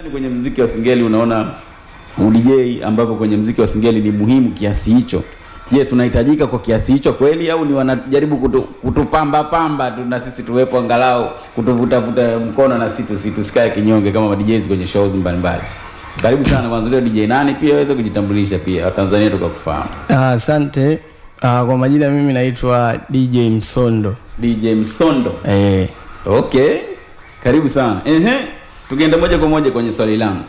Yaani kwenye mziki wa singeli unaona udj ambapo kwenye mziki wa singeli ni muhimu kiasi hicho. Je, tunahitajika kwa kiasi hicho kweli, au ni wanajaribu kutu, kutupamba pamba tu na sisi tuwepo angalau kutuvutavuta mkono na sisi tusikae kinyonge kama DJs kwenye shows mbalimbali? Karibu sana kwanza, DJ nani, pia aweze kujitambulisha pia Watanzania tukakufahamu. Asante. Ah, kwa majina mimi naitwa DJ Msondo. DJ Msondo, eh, okay, karibu sana ehe tukienda moja kwa moja kwenye swali langu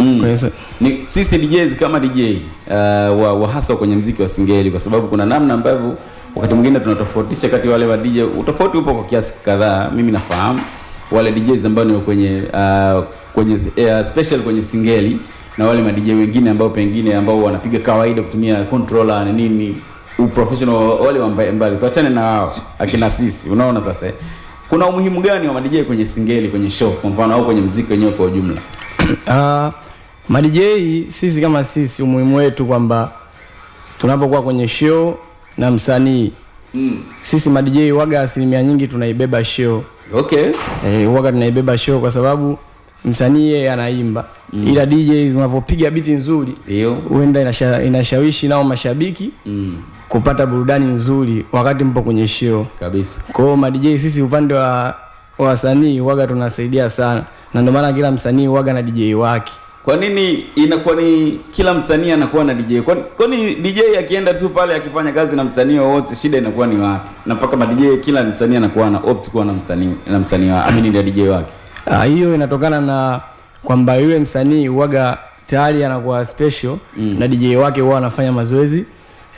Mm. Ni, sisi DJs kama DJ uh, wa, wa hasa kwenye mziki wa singeli, kwa sababu kuna namna ambavyo wakati mwingine tunatofautisha kati wale wa DJ. Utofauti upo kwa kiasi kadhaa, mimi nafahamu wale DJs ambao ni kwenye uh, kwenye uh, special kwenye singeli na wale DJ wengine ambao pengine ambao wanapiga kawaida kutumia controller na nini, professional wale wa mbali, tuachane na wao akina sisi, unaona sasa eh? kuna umuhimu gani wa madijei kwenye singeli kwenye show kwa mfano au kwenye mziki wenyewe kwa ujumla? Uh, ah, madijei sisi kama sisi, umuhimu wetu kwamba tunapokuwa kwenye show na msanii mm. sisi madijei waga asilimia nyingi tunaibeba show. Okay. Eh, waga tunaibeba show kwa sababu msanii yeye anaimba mm. ila DJ zinavyopiga biti nzuri huenda inasha, inashawishi nao mashabiki mm. kupata burudani nzuri wakati mpo kwenye show kabisa. Kwa hiyo ma DJ sisi upande wa wasanii waga tunasaidia sana, na ndio maana kila msanii waga na DJ wake. Kwa nini inakuwa ni kila msanii anakuwa na DJ? Kwa, nini DJ akienda tu pale akifanya kazi na msanii wowote shida inakuwa ni wapi? Na mpaka ma DJ kila msanii anakuwa na opt kuwa na msanii na msanii wake. Amini ndio DJ wake. Ah, hiyo uh, inatokana na kwamba yule msanii uwaga tayari anakuwa special mm. na DJ wake huwa anafanya mazoezi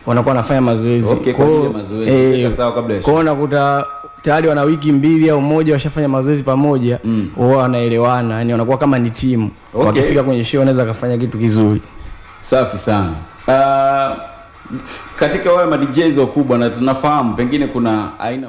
wanakuwa wanafanya mazoezi okay, kwao eh, unakuta tayari wana wiki mbili au moja washafanya mazoezi pamoja mm. wao wanaelewana yani wanakuwa kama ni timu okay. wakifika kwenye show wanaweza kafanya kitu kizuri safi sana uh, katika wale ma DJs wakubwa na tunafahamu pengine kuna aina